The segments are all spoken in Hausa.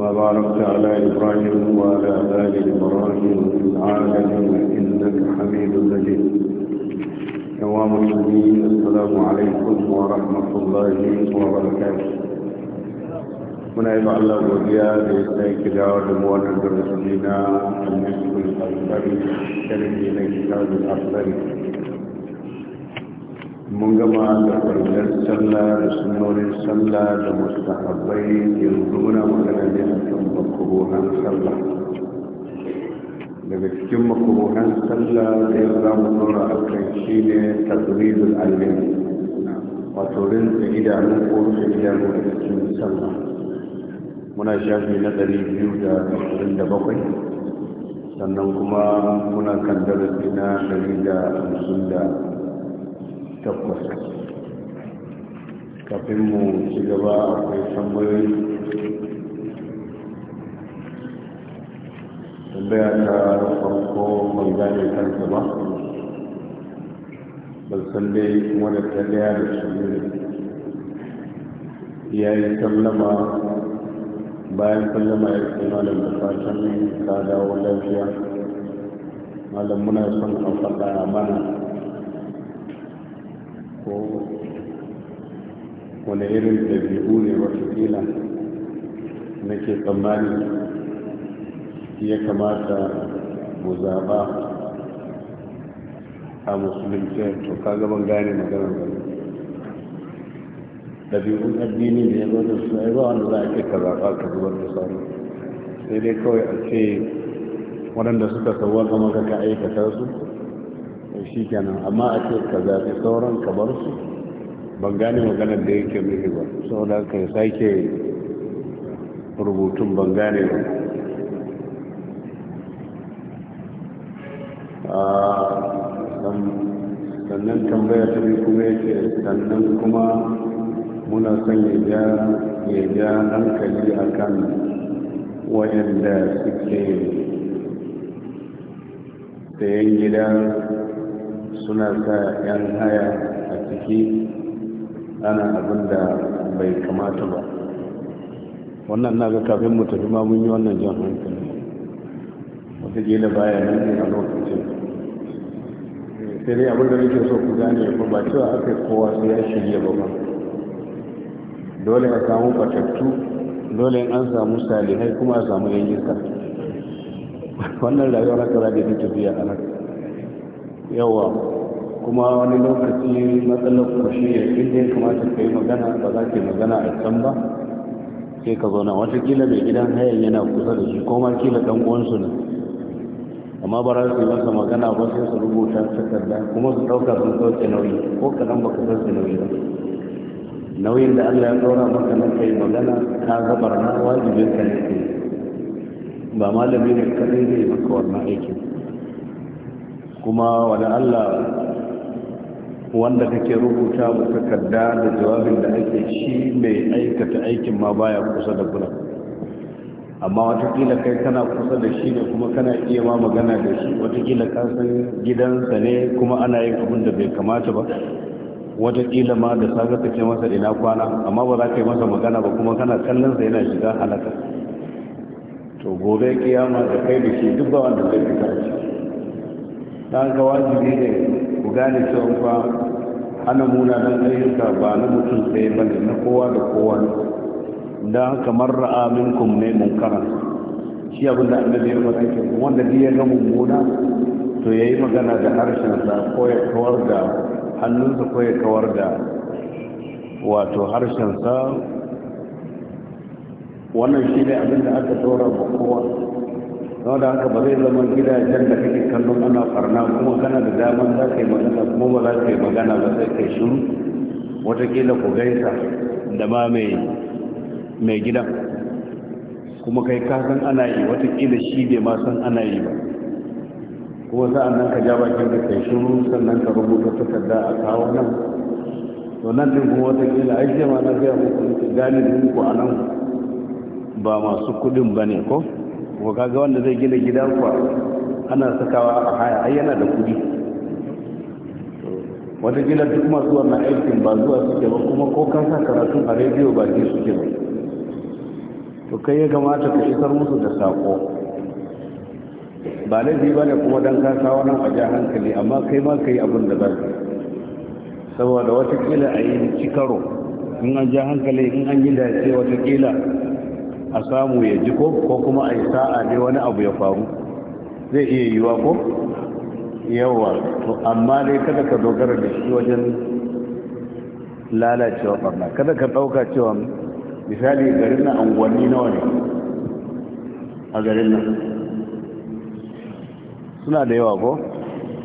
وباركت على إبراهيم وعلى آل إبراهيم في العالمين إنك حميد مجيد نوام المؤمنين السلام عليكم ورحمة الله وبركاته muna yi ba'ala godiya da ya sai ki dawo da mu wannan darasi na annabi sallallahu alaihi wasallam da ne na kitabul asari mun gama da farkar sallah da sunorin sallah da mustahabbai yanzu muna magana ne a kan makubuhan sallah daga cikin makubuhan sallah da ya za mu nuna a kan shi ne tasirizul alim wato rinsa idanu ko rinsa idanu da cikin sallah muna shafi na ɗari biyu da ashirin da bakwai sannan kuma muna kan darasi na ɗari da hamsin da takwas kafin mu ci gaba akwai tambayoyi tambaya ta farko mai gane kansa ba ban san dai kuma wani tsallaya da shi ya yi sallama bayan sallama ya ce malam da fatan ta dawo lafiya malam muna son a faɗa mana ko wani irin ɗabi'u ne watakila nake tsammani ya kamata mu zaɓa a musulunci to ka gaban gane maganar gani ɗabi'un addini ne ya zo su ai ba wanda za a ke ka zaɓa ka zubar da sauran sai dai kawai a ce waɗanda suka sauwa kamar ka aikata su shi kenan amma a ce ka zaɓi sauran ka bar su ban gane maganar da yake mihi ba saboda ka sake rubutun ban gane ba sannan tambaya ta kuma yake sannan kuma muna son ya ja hankali a kan wayanda suke sayan gida suna sa 'yan haya a ciki ana abin da bai kamata ba wannan na ga kafin mu tafi ma mun yi wannan jan hankali wataƙila baya nan ne a lokacin sai dai abin da nake so ku gane ba ba cewa aka yi kowa sai ya shirya ba ba dole a samu kwatattu dole an samu salihai kuma a samu yayyuka wannan rayuwar haka za ta tafiya a nan yawa kuma wani lokaci matsalar ku shi ne inda ya kamata ka yi magana ba za ka magana a can ba sai ka zauna watakila mai gidan hayan yana kusa da shi ko kila dan uwansu ne amma ba za su yi masa magana ba sai su rubuta takarda kuma su ɗauka sun sauke nauyi ko kaɗan ba ka sauke nauyi ba nauyin da Allah ya ɗora maka na kai magana ka zabar na wajibin ka ne ba malami ne kaɗai zai maka wannan aikin kuma wani Allah wanda kake rubuta mu takarda da jawabin da ake shi mai aikata aikin ma baya kusa da gurin amma watakila kai kana kusa da shi ne kuma kana iya ma magana da shi watakila ka san gidansa ne kuma ana yin abin da bai kamata ba watakila ma da saka ka masa ina kwana amma ba za ka yi masa magana ba kuma kana kallon sa yana shiga halaka to gobe kiyama da kai da shi duk ba wanda zai fita shi dan ga wajibi ne ku gane cewa ana don ayyuka ba na mutum tsaye ba ne na kowa da kowa ne da kamar ra'a minkum ne munkara shi abin da annabi ya faɗa ke wanda duk ya ga mummuna to yayi magana da harshensa ko ya kawar da hannunsa ko ya kawar da wato harshensa wannan shi ne abin da aka tsora ba kowa sau da haka ba zai zama gidajen da kake kallon ana farna kuma kana da daman za ka yi magana kuma ba za ka yi magana ba sai kai shiru watakila ku gaisa da ma mai gidan kuma kai ka san ana yi watakila shi bai ma san ana yi ba kuma sa'an nan ka ja bakin da kai shiru sannan ka rubuta takarda a kawo nan to nan din kuma watakila ai sai ma na gaya muku galibin ku a nan ba masu kudin ba ne ko ko kaga wanda zai gina gida kuwa ana sakawa a haya ai yana da kudi wata gina duk masu wannan aikin ba zuwa suke ba kuma ko ka sa karatun a rediyo ba ke suke ba to kai ya kamata ka isar musu da sako ba laifi ba ne kuma don ka sa nan a ja hankali amma kai ma ka yi abin da ba saboda watakila a yi cikaro in an ja hankali in an yi dace watakila a samu ya ji ko ko kuma a yi sa'a ne wani abu ya faru zai iya yiwa ko yawa to amma dai kada ka dogara da shi wajen lalacewa barna kada ka ɗauka cewa misali garin na unguwanni nawa ne a garin nan suna da yawa ko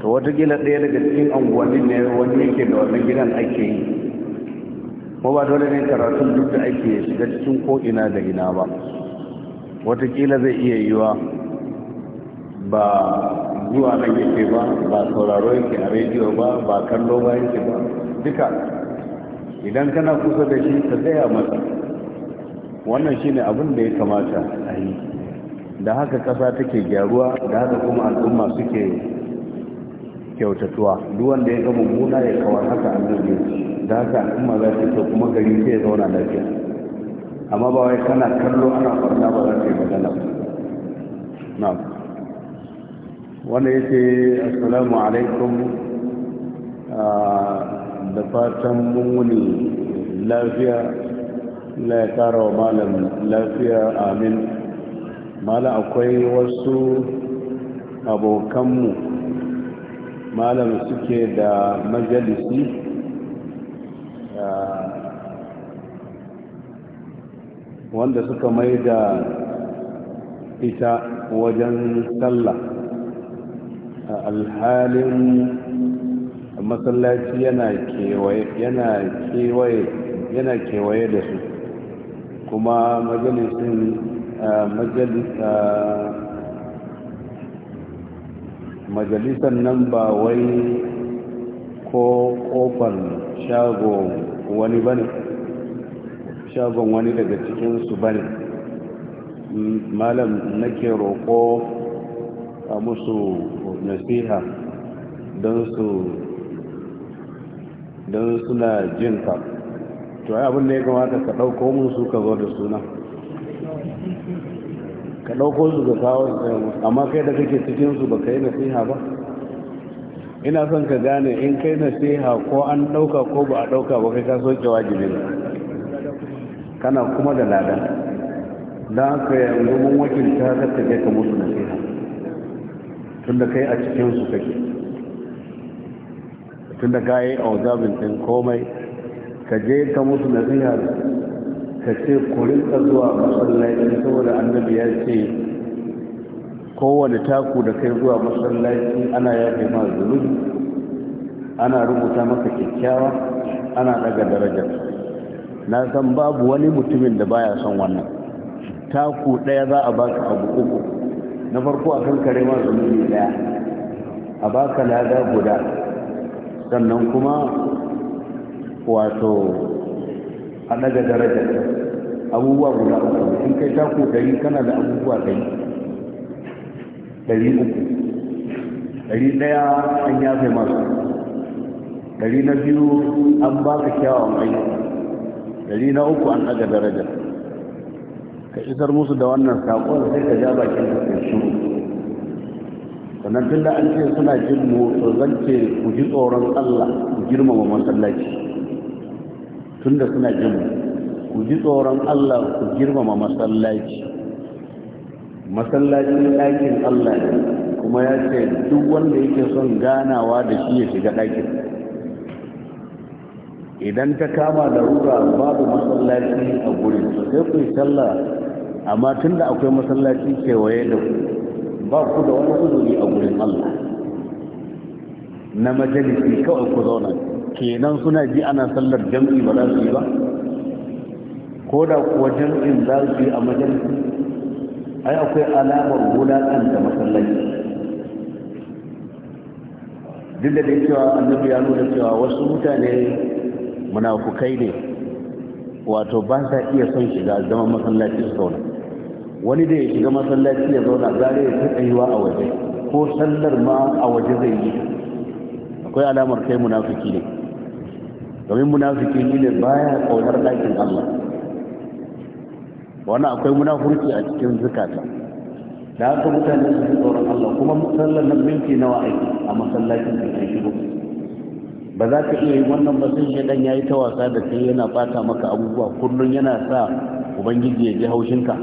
to watakila ɗaya daga cikin unguwanni ne wani yake da wannan gidan ake yi ko ba dole ne karatun duk da ake shiga cikin ko'ina da ina ba watakila zai iya yiwa ba zuwa nan yake ba ba sauraro yake a rediyo ba ba kallo ba yake ba duka idan kana kusa da shi ka gaya masa wannan shine abin da ya kamata a yi da haka kasa take gyaruwa da haka kuma al'umma suke kyautatuwa duk wanda ya ga mummuna ya kawar haka annabi da haka al'umma za ta so kuma gari sai zauna lafiya amma ba wai kana kallo ana farna ba za ta yi magana na wanda ya ce assalamu alaikum ah, da fatan mummuni lafiya la ya kara wa malam lafiya amin malam akwai wasu abokanmu malam suke da majalisi wanda suka mai da ita wajen sallah alhalin masallaci yana kewaye da su kuma majalisin majalisan nan ba wai ko kofar shago wani bane shagon wani daga cikinsu ba ne mm, malam nake roƙo a musu nasiha don su don suna jin ka to ai abin da ya kamata ka ɗauko mun su ka zo da suna ka ɗauko su ga kawo amma kai da kake cikinsu ba ka yi nasiha ba ina son ka gane in kai nasiha ko an ɗauka ko ba a ɗauka ba kai ka soke wajibin kana kuma da ladan don haka yanzu mun wakilta ta ta ka musu nasiha tun da kai a cikinsu kake tun da ka yi auzabin ɗin komai ka je ka musu nasiha ka ce kurinka zuwa masallaci saboda annabi ya ce kowane taku da kai zuwa masallaci ana yafe ma zunubi ana rubuta maka kyakkyawa ana daga darajar na san babu wani mutumin da baya son wannan taku ɗaya za a baka abu uku na farko a kan kare ma zunubi ɗaya a baka lada guda sannan kuma wato a ɗaga daraja. abubuwa guda uku in kai taku ɗari kana da abubuwa ɗari ɗari uku ɗari ɗaya an yafe masu ɗari na biyu an baka kyawawan aiki dari na uku an daga darajar ka isar musu da wannan saƙon sai ka ja bakin da ke shi sannan tun da an ce suna jin mu zance ku ji tsoron Allah ku girmama masallaci tun da suna jin mu ku ji tsoron Allah ku girmama masallaci masallacin ɗakin Allah ne kuma ya ce duk wanda yake son ganawa da shi ya shiga ɗakin idan ta kama da ruga babu masallaci a gurin sai ku sallah amma tun da akwai masallaci kewaye da ku ba ku da wani uzuri a gurin Allah na majalisi kawai ku zauna kenan suna ji ana sallar jam'i ba za su yi ba ko da kuwa jam'in za su yi a majalisi ai akwai alamar gudanar da masallaci duk da dai cewa annabi ya nuna cewa wasu mutane munafukai ne wato ba sa iya son shiga zama masallaci su zauna wani da ya shiga masallaci ya zauna zare ya taɓa yiwa a waje ko sallar ma a waje zai yi akwai alamar kai munafuki ne domin munafuki ne ne baya kaunar ɗakin Allah wannan akwai munafurci a cikin zukata da haka mutane su tsoron Allah kuma sallar nan minti nawa aiki a masallacin da ke shigo ba za ka iya yi wannan ba sai shaidan ya yi ta wasa da kai yana bata maka abubuwa kullum yana sa ubangiji ya ji haushinka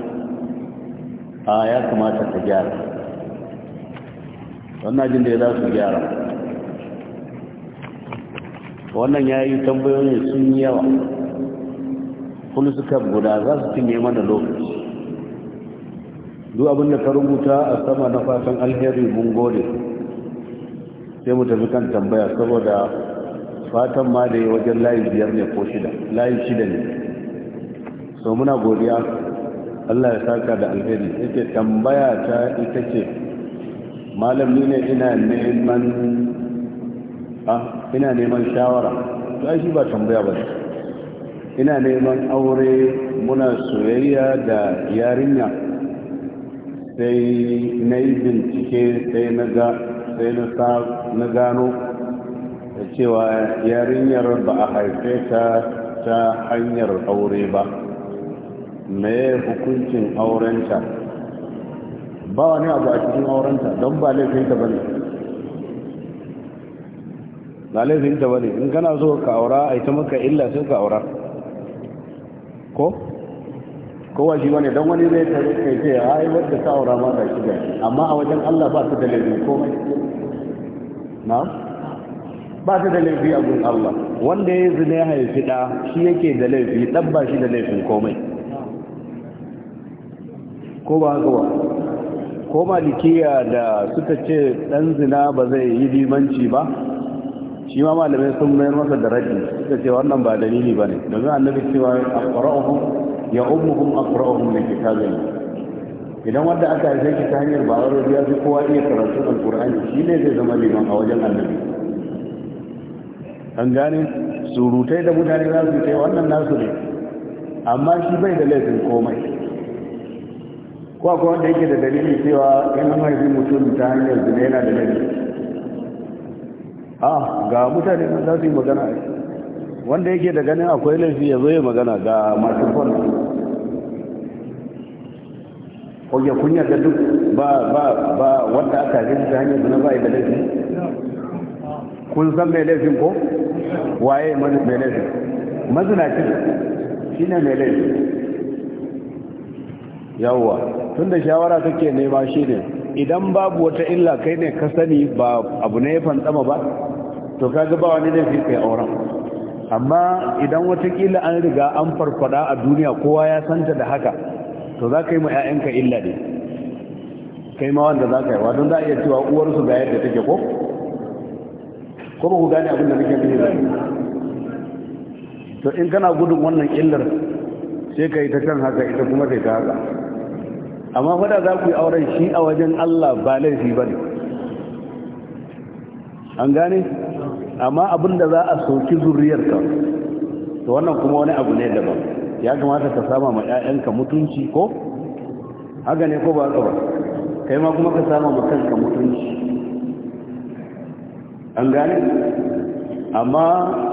a ya kamata ka gyara wannan jin da ya za su gyara wannan ya yi tambayoyin sun yi yawa kuma suka guda za su cinye mana lokaci duk abinda ka rubuta a sama na fatan alheri mun gode sai mu tafi kan tambaya saboda fatan ma da ya wajen layi biyar ne ko shida layi shida ne so muna godiya allah ya saka da alheri yake tambaya ta ita ce malam ni ne ina neman a ina neman shawara ai shi ba tambaya ba ina neman aure muna soyayya da yarinya sai na yi bincike sai na gano cewa yarinyar ba a haife ta ta hanyar aure ba me hukuncin aurenta ba wani abu a cikin aurenta don ba laifinta ba ne ba laifinta ba ne in kana so ka aura a ita maka illa sai ka aura ko kowa shi wani don wani zai tare kai ce ya yi wadda ta aura ma ga shi amma a wajen allah ba su da laifin komai na ba ta da laifi a gun Allah wanda ya zina ya haifi ɗa shi yake da laifi ɗan ba shi da laifin komai ko ba haka ba ko malikiya da suka ce ɗan zina ba zai yi limanci ba shi ma malamai sun mayar masa da raɗi suka ce wannan ba dalili ba ne domin annabi cewa aqra'uhum ya ummuhum aqra'uhum min kitabin idan wanda aka haife shi ta hanyar ba wani ya fi kowa iya karatun alqur'ani shi ne zai zama liman a wajen annabi an gane surutai da mutane za su kai wannan nasu ne amma shi bai da laifin komai ko akwai wanda yake da dalili cewa in an haifi mutum ta hanyar zina yana da dalili a ah, ga mutane nan za su yi magana wanda yake da ganin akwai laifi ya zo yi magana ga masu fon Kogin ya kunya da duk ba ba ba wanda aka zai ta hanyar zina ba ya da laifi kun san mai laifin ko waye mai laifin mazinaci shi ne mai laifin yawwa tun da shawara take nema shi ne idan babu wata illa kai ne ka sani ba abu ne ya fantsama ba to kaga zaba wani fi kai auren amma idan watakila an riga an farfada a duniya kowa ya santa da haka to za ka yi ma 'ya'yanka illa ne kai ma wanda za ka yi wadon za a iya cewa uwarsu ga yadda take ko ko ba ku gane abin da nake nufi ba to in kana gudun wannan illar sai ka yi ta kan haka ita kuma sai ta haka amma fada za ku yi auren shi a wajen Allah ba laifi ba ne an gane amma abin da za a soki ka, to wannan kuma wani abu ne daban ya kamata ka sama ma 'ya'yanka mutunci ko haka ne ko ba ka ba kai ma kuma ka sama ma kanka mutunci an gane amma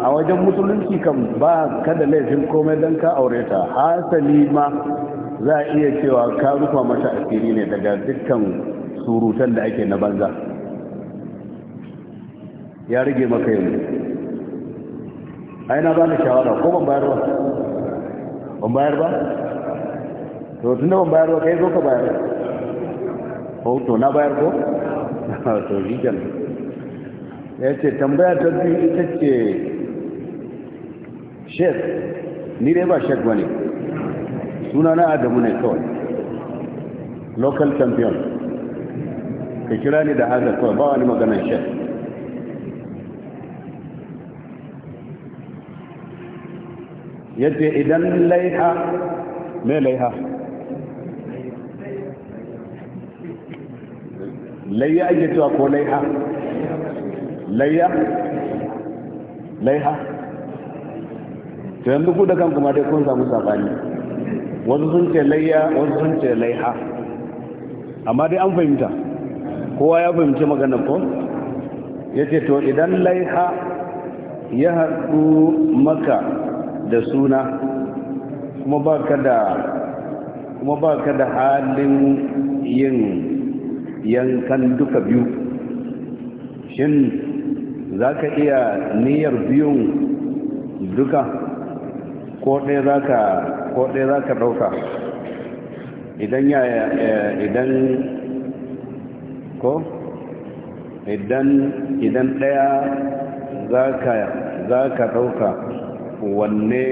a wajen musulunci kan ba kada laifin komai don ka aure ta hasali ma za a iya cewa ka rufa mata asiri ne daga dukkan surutan da ake na banza ya rage maka yi aina ba da shawara ko ban bayar ba ban bayar ba to tun da ban bayar ba kai zo ka bayar ko oh, to na bayar ko to shi kenan ya ce tambaya ta biyu ita ce shek ni dai ba shek wani ne suna na adamu ne kawai local champion ka kira ni da haza kawai ba wani maganar shek ce idan laiha mai laiha laiya ake cewa ko laiha layya laiha to yanzu ku da kanku ma dai kun samu sabani wasu sun ce layya wasu sun ce laiha amma dai an fahimta kowa ya fahimci maganar ko ya ce to idan laiha ya haɗu maka da suna kuma ba ka da kuma ba ka da halin yin yankan duka biyu shin za ka iya niyyar biyun duka ko ɗaya za ka ɗauka idan ya idan ko idan idan ɗaya za ka ɗauka wanne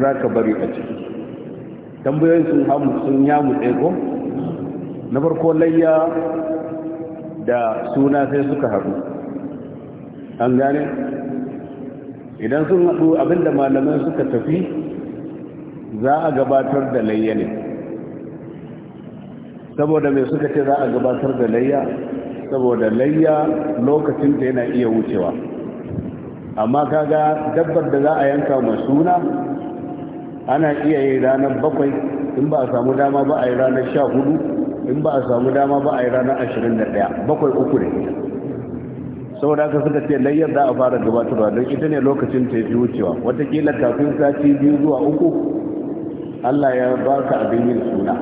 za ka bari a ciki tambayoyin sun hamu sun yamu ko na farko layya da suna sai suka haɗu an gane idan sun haɗu abinda malaman suka tafi za a gabatar da layya ne saboda mai suka ce za a gabatar da layya saboda layya lokacin da yana iya wucewa amma kaga dabbar da za a yanka ma suna ana iya yi ranar bakwai in ba a samu dama ba a yi ranar sha hudu in ba a samu dama ba a yi ranar ashirin da ɗaya bakwai uku ne saboda haka suka ce layyar za a fara gabatarwa don ita ne lokacin ta yi wucewa watakila kafin sati biyu zuwa uku allah ya ba ka abin yin suna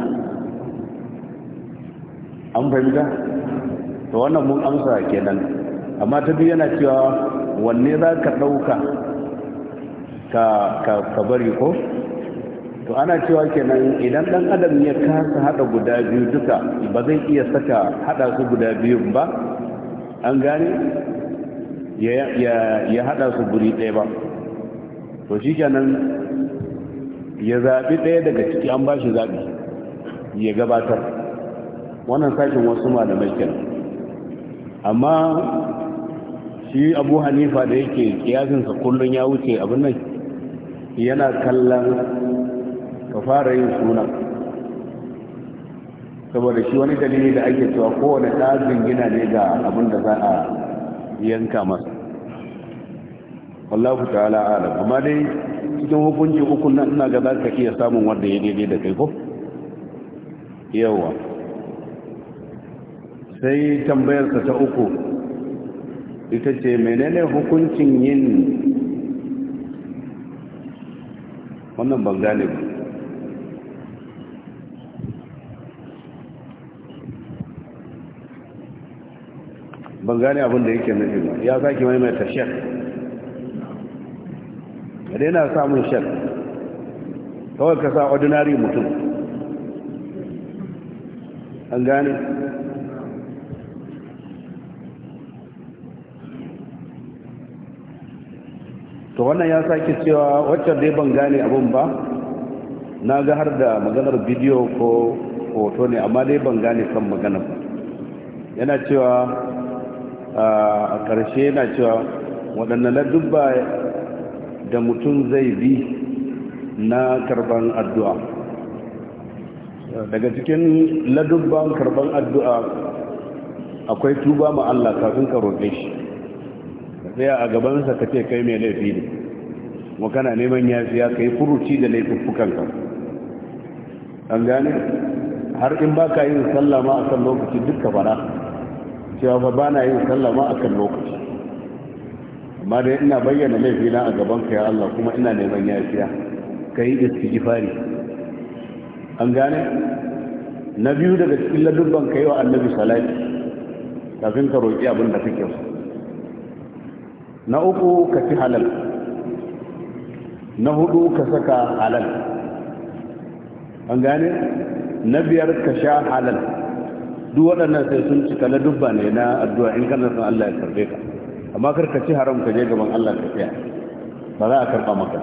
an fahimta to wannan mun amsa kenan amma ta biyu yana cewa wanne za ka ɗauka ka bari ko to ana cewa kenan idan dan adam ya kasa hada guda biyu duka ba zai iya saka hada su guda biyun ba an gane ya hada su guri ɗaya ba to shi kenan ya zaɓi ɗaya daga ciki an ba shi zaɓi ya gabatar wannan sashen wasu ma da kenan amma shi abu hanifa da yake kiyasinsa kullum ya wuce abin nan yana kallon ka fara yin suna saboda shi wani dalili da ake cewa kowane tazin gina ne ga abin da za a yanka masa wallahu ta'ala alam amma dai cikin hukunci hukun na ina ga za ka iya samun wanda ya daidai da kai ko yawa sai tambayarsa ta uku ita ce menene hukuncin yin wannan bangalibu ban gane abin da yake nufi ba ya sake maimaita shek da daina samun shek kawai ka sa ordinary mutum an gane to wannan ya sake cewa waccan dai ban gane abin ba na ga har da maganar bidiyo ko hoto ne amma dai ban gane kan maganar ba yana cewa a ƙarshe yana cewa waɗanne ladubba da mutum zai bi na karban addu'a daga cikin ladubban karban addu'a akwai tuba ma Allah kafin ka roƙe shi ka a gabansa ka ce kai mai laifi ne kuma kana neman yafiya ka yi furuci da laifuffukanka an gane har in ba ka yin sallama a kan lokaci duk ka cewa ba ba na yin sallama a kan lokaci amma dai ina bayyana laifina a gaban ka ya Allah kuma ina neman yafiya ka yi istighfari an gane na biyu daga cikin ladubban ka yi wa annabi salati kafin ka roƙi abin da kake so na uku ka ci halal na hudu ka saka halal an gane na biyar ka sha halal duk waɗannan sai sun cika na dubba ne na addu'a in kana son Allah ya karbe ka amma kar ka ci haram ka je gaban Allah ka tsaya ba za a karba maka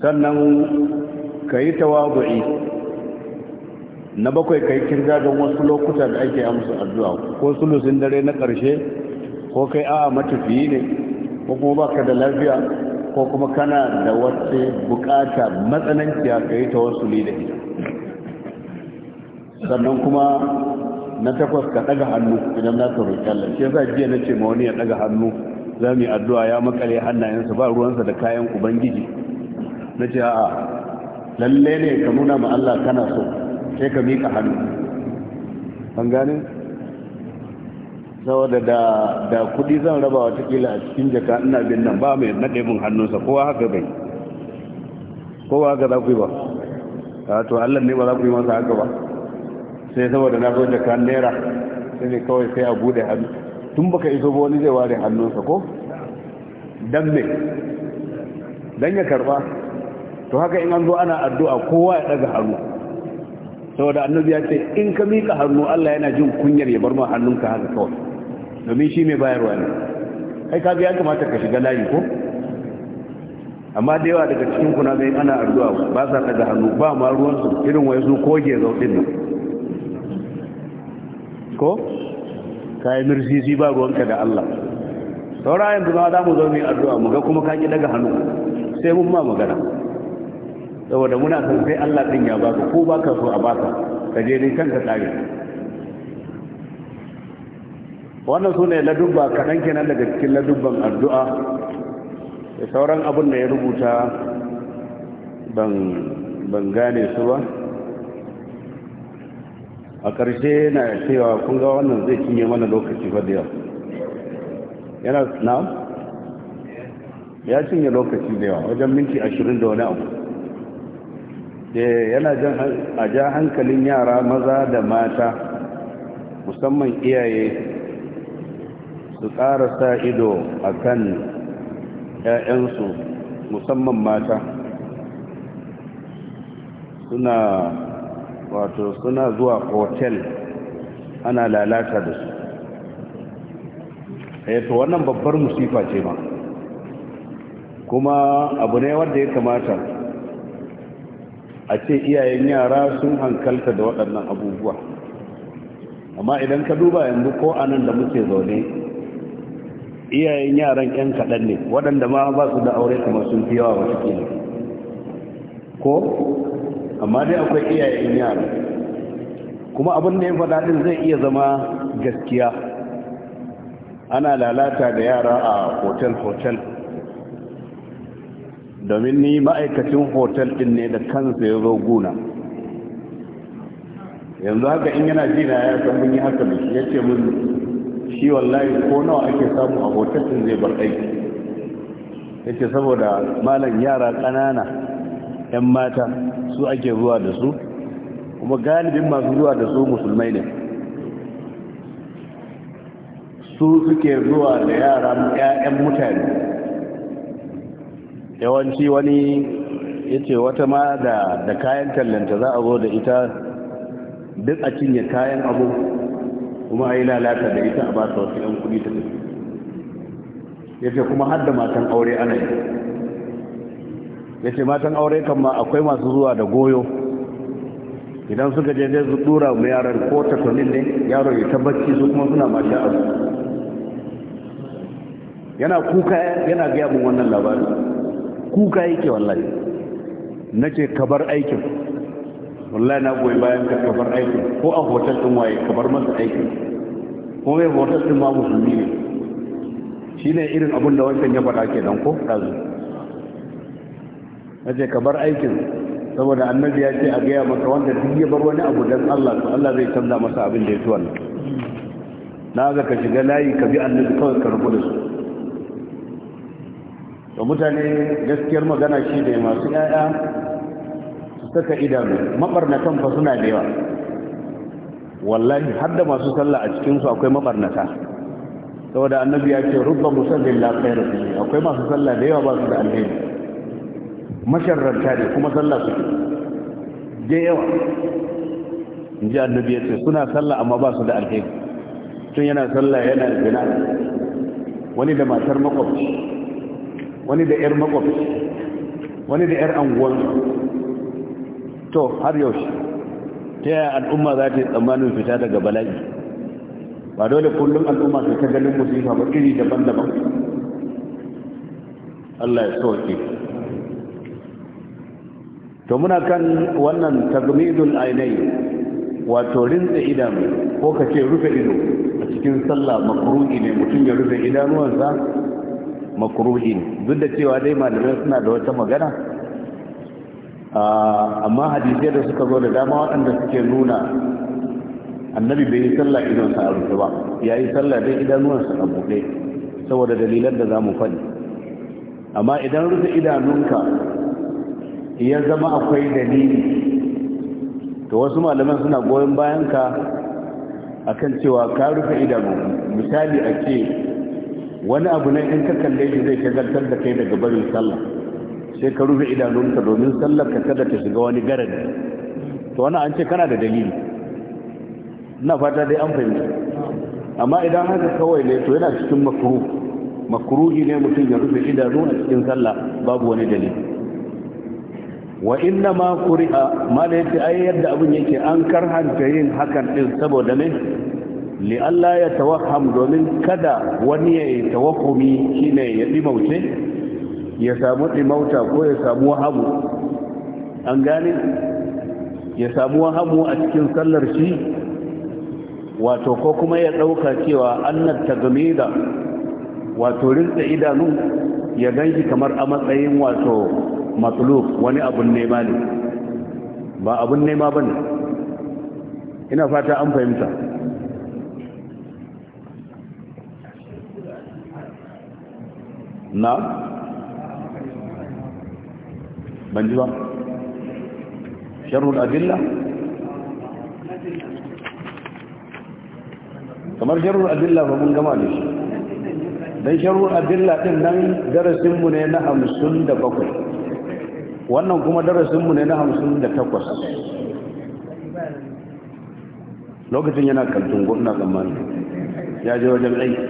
sannan ka yi tawadu'i na bakwai ka yi kirga don wasu lokuta da ake musu addu'a ko sulusin dare na ƙarshe ko kai a matafiyi ne ko kuma baka da lafiya ko kuma kana da wata bukata matsananciya ka yi tawassuli da ita sannan kuma na takwas ka daga hannu idan za ka roƙi Allah shi yasa jiya nace ma wani ya daga hannu za mu yi addu'a ya makale hannayensa ba ruwansa da kayan ubangiji nace a'a lalle ne ka nuna ma Allah kana so sai ka mika hannu an gane saboda da da kudi zan raba wata kila a cikin jaka ina bin nan ba mai nade mun hannunsa kowa haka bai kowa haka za ku yi ba to Allah ne ba za ku yi masa haka ba sai saboda na zo da kan naira sai ne kawai sai a bude hannu tun baka iso ba wani zai ware hannunsa ko dan me dan ya karba to haka in an zo ana addu'a kowa ya daga hannu saboda annabi ya ce in ka mika hannu Allah yana jin kunyar ya bar ma hannunka haka kawai domin shi mai bayarwa ne kai ka biya kamata ka shiga layi ko amma da yawa daga cikin kuna zai ana addu'a ba sa daga hannu ba ma ruwan su irin wai zo koge zaudin nan ko ka yi mirzizi ba wanka da Allah saura yanzu ma za mu zo yi addu'a mu ga kuma ka ki daga hannu sai mun ma magana saboda muna san sai Allah din ya baka ko baka so a baka ka je din kanka tsare wannan su ne ladubba kaɗan kenan daga cikin ladubban addu'a da sauran abin da ya rubuta ban gane su ba a ƙarshe na cewa kun ga wannan zai cinye mana lokaci ba da yau yana na ya cinye lokaci da yawa wajen minti ashirin da wani abu eh, yana jan a ja hankalin yara maza da mata musamman iyaye su ƙara sa ido a kan 'ya'yansu musamman mata suna wato suna zuwa hotel ana lalata da su eh, to wannan babbar musifa ce ma kuma abu ne wanda ya kamata a ce iyayen yara sun hankalta da waɗannan abubuwa amma idan ka duba yanzu ko anan da muke zaune iyayen yaran 'yan kaɗan ne waɗanda ma ba su da aure kuma sun fi yawa wasu ko amma dai akwai iyayen yara kuma abin da ya faɗa ɗin zai iya zama gaskiya ana lalata da yara a hotel-hotel domin ni ma'aikacin hotel ɗin ne da kansa ya zo guna yanzu haka in yana jina ya san mun yi haka da shi ya ce mun shi wallahi ko nawa ake samu a hotel ɗin zai bar aiki ya ce saboda malam yara ƙanana 'yan mata su ake zuwa da su kuma galibin masu zuwa da su musulmai ne su suke zuwa da yara 'ya'yan mutane yawanci wani ya ce wata ma da kayan tallanta za a zo da ita duk a cinye kayan abu kuma a yi lalata da ita a ba su wasu 'yan kudi ta ya ce kuma har da matan aure ana yi ya ce matan aure kan ma akwai masu zuwa da goyo idan suka je zai su dura mai yaran ko takwalin ne yaro ya tabbaci su kuma suna mashi a yana kuka yana gaya mun wannan labarin kuka yake wallahi na nake kabar aikin wallahi na goyi bayan ka kabar aikin ko a hotel ɗin waye kabar masa aikin ko mai hotel ɗin ma musulmi ne shi ne irin abin da wancan ya faɗa nan ko ɗazu na ce ka bar aikin saboda annabi ya ce a gaya maka wanda duk ya bar wani abu don Allah to Allah zai canza masa abin da ya ci wannan na ga ka shiga layi ka bi annabi kawai ka rubu da su to mutane gaskiyar magana shi ne masu 'ya'ya su saka idanu mabarnatan fa suna da yawa wallahi har da masu sallah a cikin su akwai mabarnata saboda annabi ya ce rubba musallin la khairu akwai masu sallah da yawa ba su da alheri masharranta ne kuma sallah suke da yawa in ji annabi ya ce suna sallah amma ba su da alheri tun yana sallah yana zina wani da matar makwabci wani da 'yar makwabci wani da 'yar anguwan to har yaushe ta yaya al'umma za ta yi tsammanin fita daga bala'i ba dole kullum al'umma su ta ganin musifa ba iri daban-daban Allah ya sauke to muna kan wannan tagmidul ainai wato rinse idanu ko ka ce rufe ido a cikin sallah makruhi ne mutum ya rufe idanuwansa makruhi ne duk da cewa dai malamai suna da wata magana amma hadisai da suka zo da dama waɗanda suke nuna annabi bai yi sallah idonsa a rufe ba ya yi sallah dai idanuwansa a buɗe saboda dalilan da za mu faɗi amma idan rufe idanunka ya zama akwai dalili to wasu malaman suna goyon bayan ka akan cewa ka rufe idanu misali a ce wani abu ne in ka kalle shi zai shagaltar da kai daga barin sallah sai ka rufe idanunka domin sallar ka kada ta shiga wani garadi to wani an ce kana da dalili ina fata dai an fahimta amma idan haka kawai ne to yana cikin makruh makruhi ne mutum ya rufe idanu a cikin sallah babu wani dalili wa inna ma kuri'a ma da yake ai yadda abin yake an karhanta yin hakan din saboda ne li Allah ya tawaham domin kada wani ya tawakumi shine ya bi mauce ya samu dimauta ko ya samu wahamu an gane ya samu wahamu a cikin sallar shi wato ko kuma ya dauka cewa annat tagmida wato rinsa idanu ya ganshi kamar a matsayin wato matsalub wani abun nema ne ba abun nema ba ne ina fata an fahimta na ban ji ba sharhul adilla kamar sharhul adilla ba mun gama da shi don sharhul adilla din nan darasinmu ne na hamsin da bakwai wannan kuma darasinmu ne na hamsin da takwas lokacin yana kantin gwamna tsammani ya je wajen aiki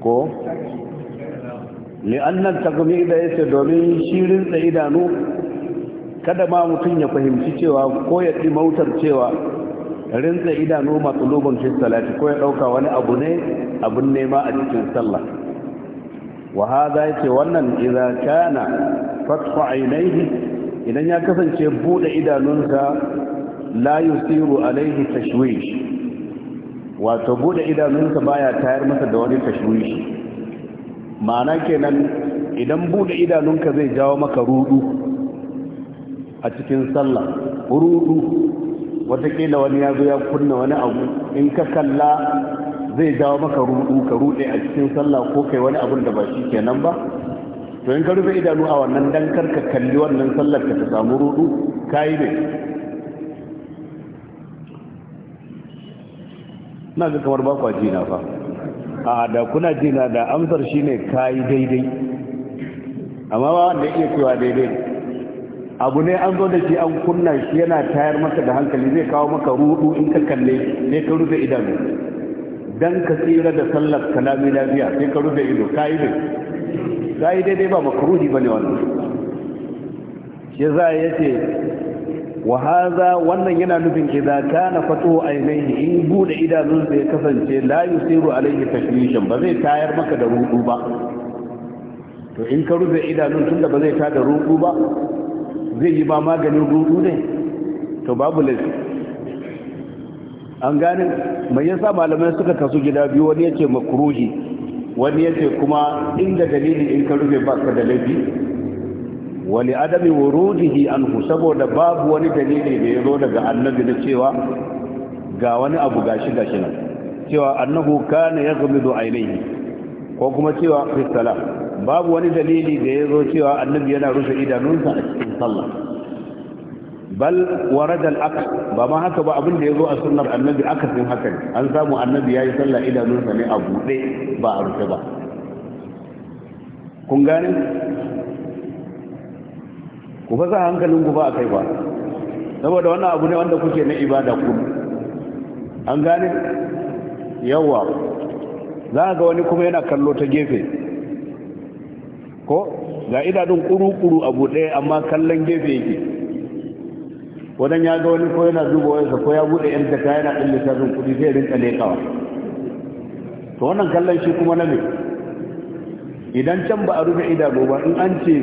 ko li'annan takwami da ya ce domin shirin da idanu kada ma mutum ya fahimci cewa ko ya ɗi mautar cewa rinsa idanu matsalubin fi salati ko ya ɗauka wani abu ne abun nema a cikin sallah wa hada yake wannan idza kana fathu ainihi idan ya kasance bude idanunsa la yusiru alaihi tashwish wato bude idanunsa baya tayar masa da wani tashwish ma'ana kenan idan bude idanunka zai jawo maka rudu a cikin sallah rudu watakila wani ya zo ya kunna wani abu in ka kalla zai jawo maka rudu ka rude a cikin sallah ko kai wani abun da ba shi kenan ba to in ka rufe idanu a wannan dan karka kalli wannan sallar ka ta samu rudu kayi ne na ga kamar ba kwa jina fa a da kuna jina da amsar shine kayi daidai amma ba wanda yake cewa daidai abu ne an zo da shi an kunna shi yana tayar maka da hankali zai kawo maka rudu in ka kalle ne ka rufe idanu dan ka tsira da sallar kalami lafiya sai ka rufe ido ka yi dai ka yi daidai ba makaruhi ba ne wannan shi za ya ce wa haza wannan yana nufin idan fato a ainihi in bude idanunsa ya kasance la yusiru alaihi tashwishin ba zai tayar maka da rudu ba to in ka rufe idanun tunda ba zai tada rudu ba zai yi ba maganin rudu ne to babu laifi an gane mai yasa malamai suka kasu gida biyu wani yace makruhi wani yace kuma inda dalili in ka rufe baka da laifi wali adami wurudihi anhu saboda babu wani dalili da ya zo daga annabi na cewa ga wani abu gashi gashi nan cewa annahu kana yaghmidu ainihi ko kuma cewa fi babu wani dalili da ya zo cewa annabi yana rufe idanunsa a cikin sallah bal warada al-aqs ba ma haka ba abin da yazo a sunnar annabi akasin haka ne an samu annabi yayi sallah idanunsa ne a bude ba a rufe ba kun gane ku fasa hankalin ku ba a kai ba saboda wannan abu ne wanda kuke na ibada ku an gane yawa za ga wani kuma yana kallo ta gefe ko ga idanun kuru-kuru abu ɗaya amma kallon gefe yake wadan ya ga wani ko yana duba wayarsa ko ya bude yan jaka yana ɗan littafin kuɗi zai rinka lekawa to wannan kallon shi kuma na me idan can ba a rufe idanu ba in an ce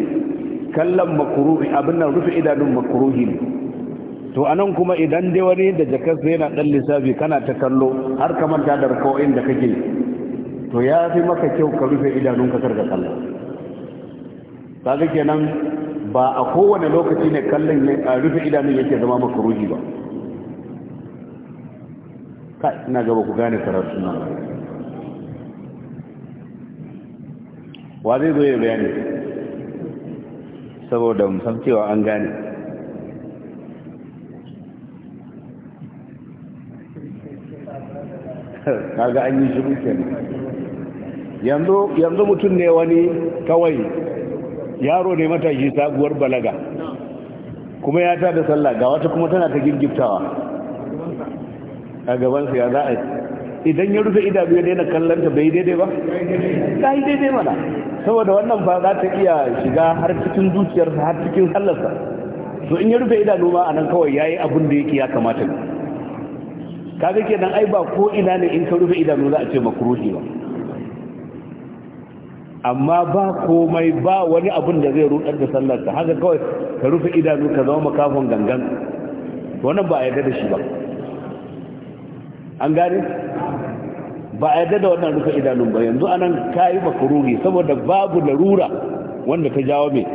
kallon makuruhi abin nan rufe idanun makuruhi ne to anan kuma idan dai wani da jakarsa yana ɗan lissafi kana ta kallo har kamar ta da riko'in da kake to ya fi maka kyau ka rufe idanunka ka kallo kaga kenan ba a kowane lokaci ne kallon rufe idanun yake zama makaruhi ba kai ina gaba ku gane karatu nan wa zai zo ya bayani saboda musam cewa an gane kaga an yi shiru ne. yanzu mutum ne wani kawai yaro ne matashi sabuwar balaga kuma ya da sallah ga wata kuma tana ta girgiftawa a gabansa ya za a idan ya rufe idanu ya daina kallonta bai daidai ba ta yi daidai mana saboda wannan ba za ta iya shiga har cikin zuciyarsa har cikin sallarsa to in ya rufe idanu ma a nan kawai ya yi abin da yake ya kamata kaga kenan ai ba ko ina ne in ka rufe idanu za a ce makuruhi ba amma ba komai ba wani abun da zai rudar da sallar ka haka kawai ka rufe idanu ka zama makafon gangan wannan ba a yarda da shi ba an gane ba a yarda da wannan rufe idanun ba yanzu anan kayi makaruri saboda babu larura wanda ta jawo mai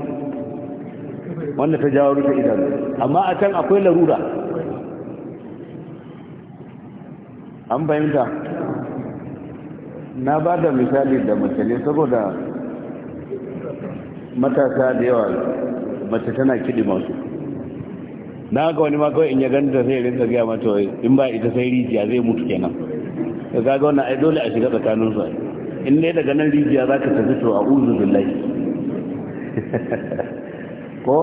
wanda ta jawo rufe idanu amma a can akwai larura an fahimta na ba da misali da mace ne saboda matasa da yawa mace tana kiɗi masu na haka wani ma kawai in ya ganta sai rinsa gaya mata wai in ba ita sai rijiya zai mutu kenan ka ga wannan ai dole a shiga tsakanin su in ne daga nan rijiya za ka tafi to a uzu billahi ko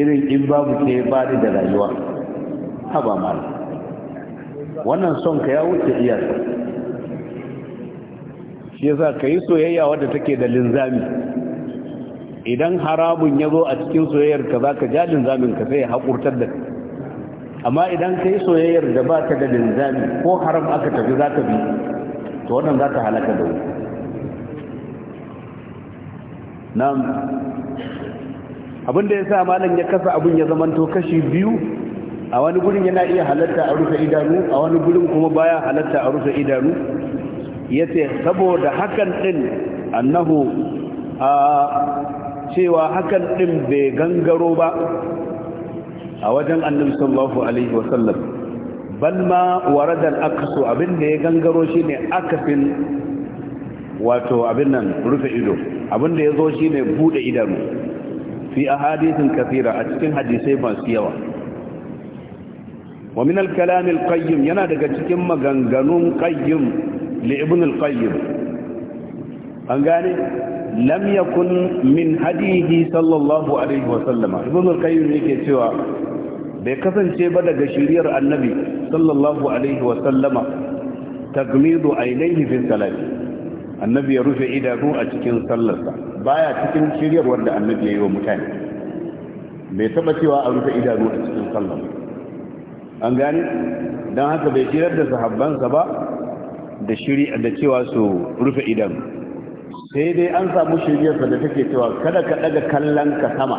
irin in babu ke ba da rayuwa haba ma. wannan son ka ya wuce iyaka shi yasa ka yi soyayya wadda take da linzami idan haramun ya zo a cikin soyayyar ka za ka ja linzamin ka sai ya haƙurtar da amma idan ka yi soyayyar da ba ta da linzami ko haram aka tafi za ka bi to wannan za ta halaka da wuri nan abinda ya sa malam ya kasa abin ya zamanto kashi biyu a wani gurin yana iya halatta a rufe idanu a wani gurin kuma baya halatta a rufe idanu ce saboda hakan ɗin annahu a cewa hakan ɗin bai gangaro ba a wajen annabi sallallahu alaihi wasallam ban ma warada al abin da ya gangaro shine akasin wato abin nan rufe ido abin da shi shine bude idanu fi ahadithin kafira a cikin hadisai masu yawa wa min al qayyim yana daga cikin maganganun qayyim li ibn al-qayyim an gane lam yakun min hadihi sallallahu alaihi wa sallama ibn al-qayyim yake cewa bai kasance ba daga shiriyar annabi sallallahu alaihi wa sallama tagmidu ainihi fi salati annabi ya rufe idanu a cikin sallarsa baya cikin shiryar wanda annabi ya yi wa mutane bai taba cewa a rufe idanu a cikin sallar an gane don haka bai shirar da sahabbansa ba da shiri da cewa su rufe idan sai dai an samu shiriyarsa da take cewa kada ka daga kallon ka sama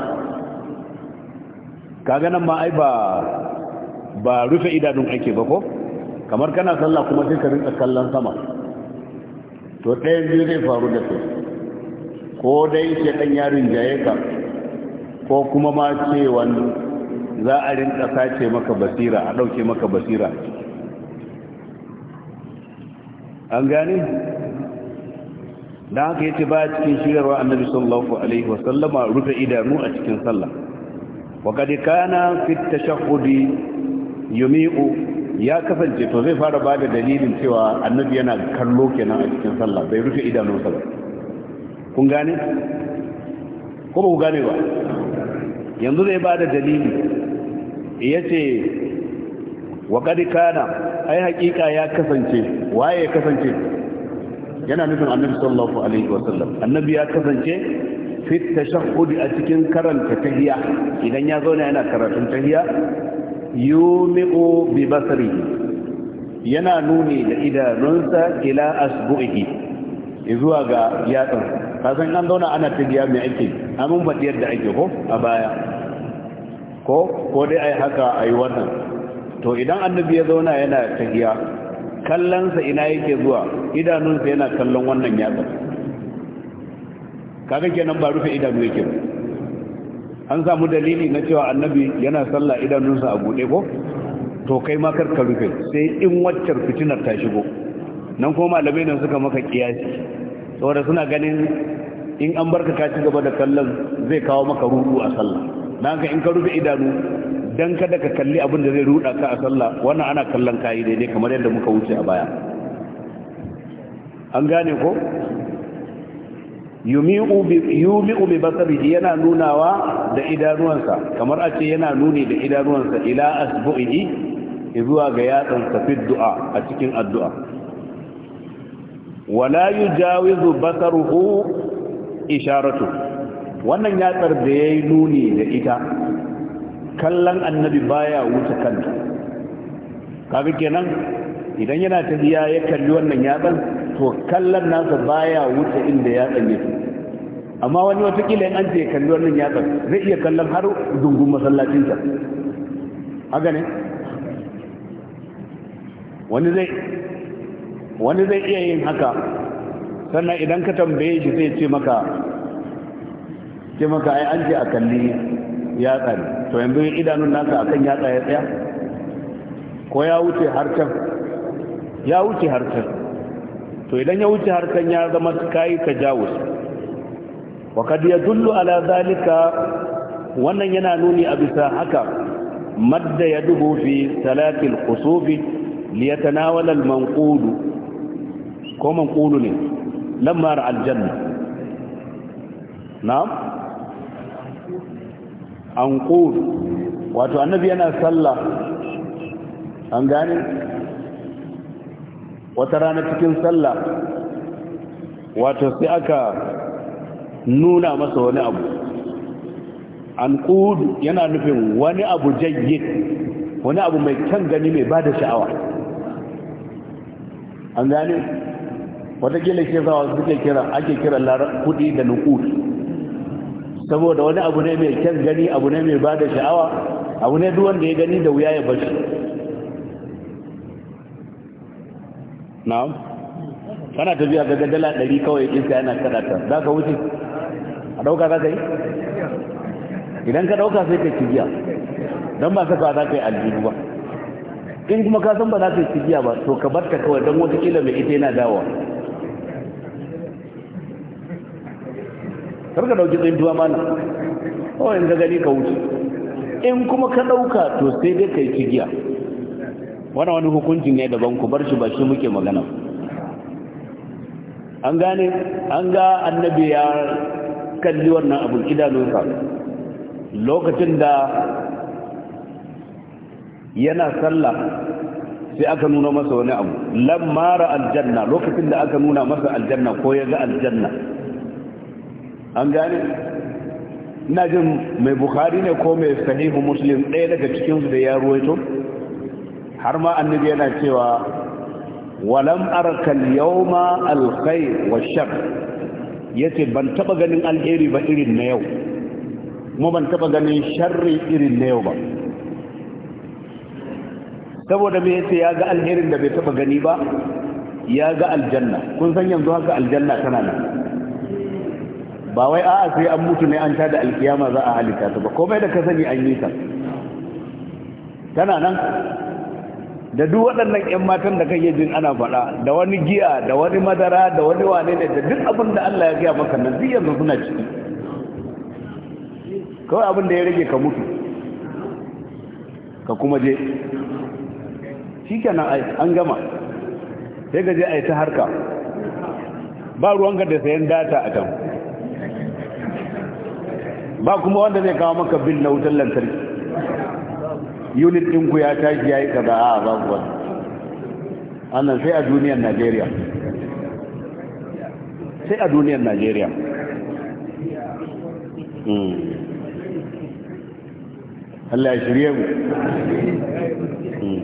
kaga nan ma ai ba ba rufe idanun ake ba ko kamar kana sallah kuma sai ka rinka kallon sama to ɗayan biyu zai faru da su ko dai ke ɗan yarin jaye ka ko kuma ma cewa za a rinka sace maka basira a ɗauke maka basira an gane da haka yace ba cikin shirarwa annabi sallallahu alaihi wasallama rufe idanu a cikin sallah wa kad kana fi tashahhudi yumi'u ya kasance to zai fara bada dalilin cewa annabi yana kallo kenan a cikin sallah bai rufe idanunsa ba kun gane ko ba ku gane ba yanzu zai bada dalili yace wa kad kana ai hakika ya kasance waye ya kasance yana nufin annabi sallallahu alaihi wasallam annabi ya kasance fi tashahhudi a cikin karanta tahiyya idan ya zauna yana karatun tahiyya yumiqu bi basarihi yana nuni da idanunsa ila asbu'ihi zuwa ga yatsun kasan an zauna ana tahiyya mai ake amin faɗi yadda ake ko a baya ko ko dai ai haka ai wannan to idan annabi ya zauna yana tahiya kallonsa ina yake zuwa idanunsa yana kallon wannan yatsa kaga kenan ba rufe idanu yake ba an samu dalili na cewa annabi yana sallah idanunsa a bude ko to kai ma kar ka rufe sai in waccar fitinar ta shigo nan kuma malamai nan suka maka kiyasi saboda suna ganin in an barka ka ci gaba da kallon zai kawo maka rudu a sallah dan in ka rufe idanu dan kada ka kalli abin da zai ruda ka a sallah wannan ana kallon kayi daidai kamar yadda muka wuce a baya an gane ko yumi'u bi basarihi yana nunawa da idanuwansa kamar a ce yana nuni da idanuwansa ila asbu'i zuwa ga yatsan fi du'a a cikin addu'a wala yujawizu basaruhu isharatu wannan yatsar da yayi nuni da ita kallon annabi baya wuce kanta kaga kenan idan yana tafiya ya kalli wannan yatsan to kallon nasa baya wuce inda yatsan yake amma wani watakila in an ce kalli wannan yatsan zai iya kallon har dungun masallacinsa haka ne wani zai wani zai iya yin haka sannan idan ka tambaye shi zai ce maka ce maka ai an ce a kalli yatsa ne to yanzu idanun nasa kan yatsa ya tsaya ko ya wuce harkan ya wuce harkan to idan ya wuce harkan ya zama kai tajawuz wa kad yadullu ala zalika wannan yana nuni a bisa haka madda ya yaduhu fi salatil khusufi liyatanawala al-manqud ko manqulu ne lamma aljanna. janna na'am anqur wato annabi yana sallah an gane wata rana cikin sallah wato sai aka nuna masa wani abu anqur yana nufin wani abu jayyid wani abu mai kyan gani mai bada sha'awa an gane watakila ke zawa suke kira ake kira kudi da nukud saboda wani abu ne mai kyan gani abu ne mai ba da sha'awa abu ne duk wanda ya gani da wuya ya bashi na'am kana tafiya ga dala ɗari kawai iska yana kadata za ka wuce a ɗauka za ka yi idan ka ɗauka sai ka cigiya don ba saka za ka yi aljihu ba in kuma ka san ba za ka yi cigiya ba to ka bar ta kawai don kila mai ita yana dawowa karka dauki tsintuwa mana kawai in gani ka wuce in kuma ka dauka to sai dai yi yi wani wani hukuncin ne daban ku bar shi ba shi muke magana an gane an ga annabi ya kalli wannan abun idanunsa lokacin da yana sallah sai aka nuna masa wani abu lamara mara aljanna lokacin da aka nuna masa aljanna ko ya ga aljanna an gane ina jin mai bukhari ne ko mai sahihu muslim ɗaya daga cikinsu da ya ruwaito har ma annabi yana cewa walam arkal yawma alkhair wa shar yace ban taba ganin alheri ba irin na yau kuma ban taba ganin sharri irin na yau ba saboda me yace ya ga alherin da bai taba gani ba ya ga aljanna kun san yanzu haka aljanna tana nan ba wai a'a sai an mutu ne an tada alkiyama za a halitta ta ba komai da ka sani an yi ta tana nan da duk waɗannan 'yan matan da kake yajin ana faɗa da wani giya da wani madara da wani wane ne da duk abin da Allah ya gaya maka nan duk yanzu suna ciki kawai abin da ya rage ka mutu ka kuma je shi kenan an gama sai ga je a yi ta harka ba ruwan ga da sayan data a can ba kuma wanda zai kawo maka bin na wutar lantarki unit ɗinku ya tashi ya yi kaza a babu wani annan sai a duniyar najeriya sai a duniyar najeriya hmm. Allah ya shirye mu hmm.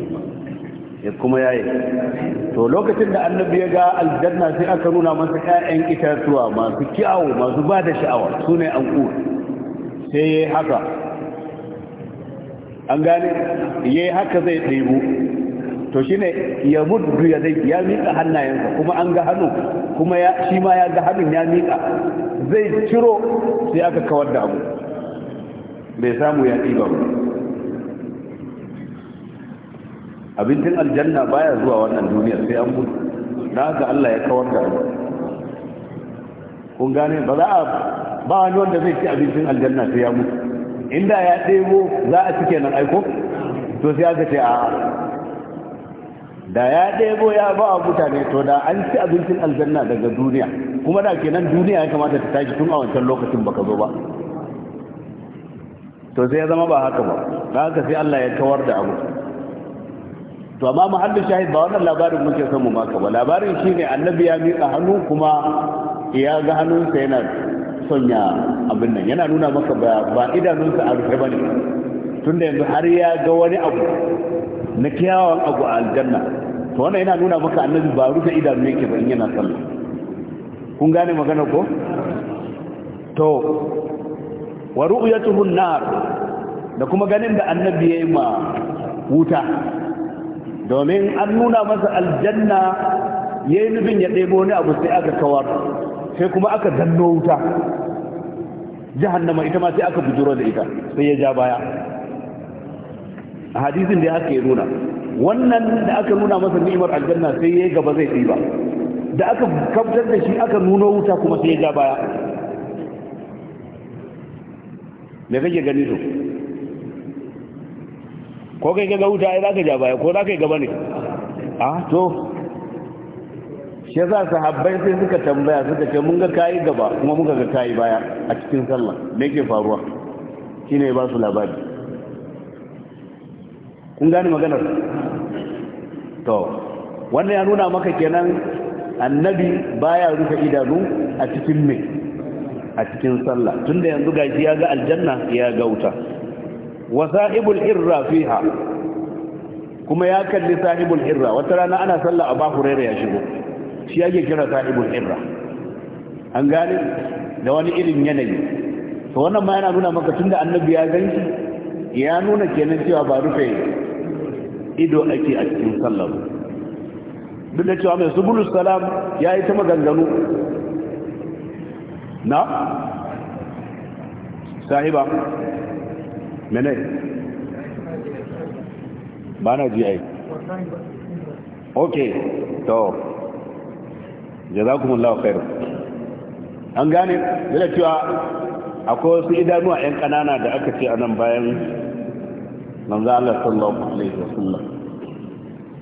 ya kuma yayi to lokacin da annabi ya ga aljanna sai aka nuna masa ƴaƴan itatuwa masu kyawu masu ba da sha'awa sune an ƙura sai ya yi haka an gane ya yi haka zai ɗaibu to shi ne ya mudu ya zai ya miƙa hannayensa kuma an ga hannu kuma shi ma ya ga hannun ya miƙa zai ciro sai aka kawar da abu bai samu ya ɗiba ba abincin aljanna baya zuwa wannan duniyar sai an mutu Na ga Allah ya kawar da abu kun gane ba za a ba wani wanda zai ci abincin aljanna sai ya mutu inda ya ɗebo za a ci kenan aiko to sai aka ce a da ya ɗebo ya ba a mutane to da an ci abincin aljanna daga duniya kuma da kenan duniya ya kamata ta tashi tun a wancan lokacin baka zo ba to sai ya zama ba haka ba da haka sai Allah ya kawar da abu to amma muhallin shahid ba wannan labarin muke son mu maka ba labarin shine annabi ya miƙa hannu kuma ya ga hannunsa yana sonya abin nan yana nuna maka ba idanunsa a rufe ba ne da yanzu har ya ga wani abu na kiyawan abu a aljanna to wannan yana nuna maka annabi ba rufe idanun yake ba in yana sallah kun gane magana ko to wa ru'yatuhu an-nar da kuma ganin da annabi yayi ma wuta domin an nuna masa aljanna yayin nufin ya debo ne abu sai aka kawar sai kuma aka danno wuta jahannama ita ma sai aka bujuro da ita sai ya ja baya a hadisin da haka ya nuna wannan da aka nuna masa ni'imar aljanna sai ya gaba zai tsiba da aka kabtar da shi aka nuno wuta kuma sai ya ja baya me kake gani to ko kai ga wuta ai zaka ja baya ko zaka yi gaba ne a ah, to shi yasa sahabbai sai suka tambaya suka ce mun ga kayi gaba kuma muka ga kayi baya a cikin sallah me yake faruwa shine ba su labari kun gane maganar to wannan ya nuna maka kenan annabi baya rufe idanu a cikin me a cikin sallah tunda yanzu gashi ya ga aljanna ya ga wuta wa sahibul irra fiha kuma ya kalli sahibul irra wata rana ana sallah a ba hurairu ya shigo shi yake kira sahibul ibra an gane da wani irin yanayi to wannan ma yana nuna maka tunda annabi ya ganki, ya nuna kenan cewa ba rufe ido ake a cikin sallar duk da cewa mai subulus salam ya yi ta maganganu na sahiba mene ba na ji ai ok to jazakumullahu khairan an gane yana cewa akwai wasu idanuwa yan kanana da aka ce anan bayan manzo Allah sallallahu alaihi wasallam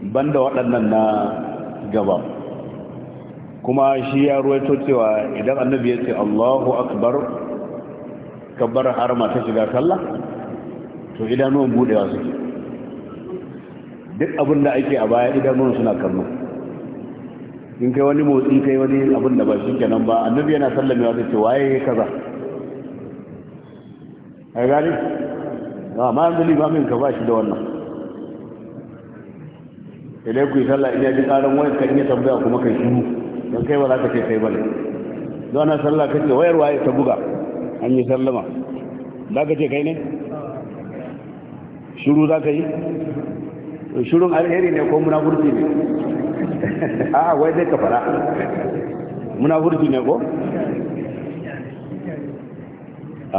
banda waɗannan na gaba kuma shi ya ruwaito cewa idan annabi ya ce Allahu akbar kabbar ma ta shiga sallah to idanuwan budewa suke duk abin da ake a baya idanuwan suna kallon in kai wani motsi kai wani abin da ba shi kenan ba annabi yana sallamewa zai ce waye kaza a gani ba ma yanzu min ka ba shi da wannan idan ku yi sallah ina ji karin wani kan yi tambaya kuma kai shiru don kai ba za ka ce kai bane don ana sallah kace wayar waye ta buga an yi sallama za ka ce kai ne shiru za ka yi shirun alheri ne ko munafurci ne a wai zai ka fara muna hurji ne ko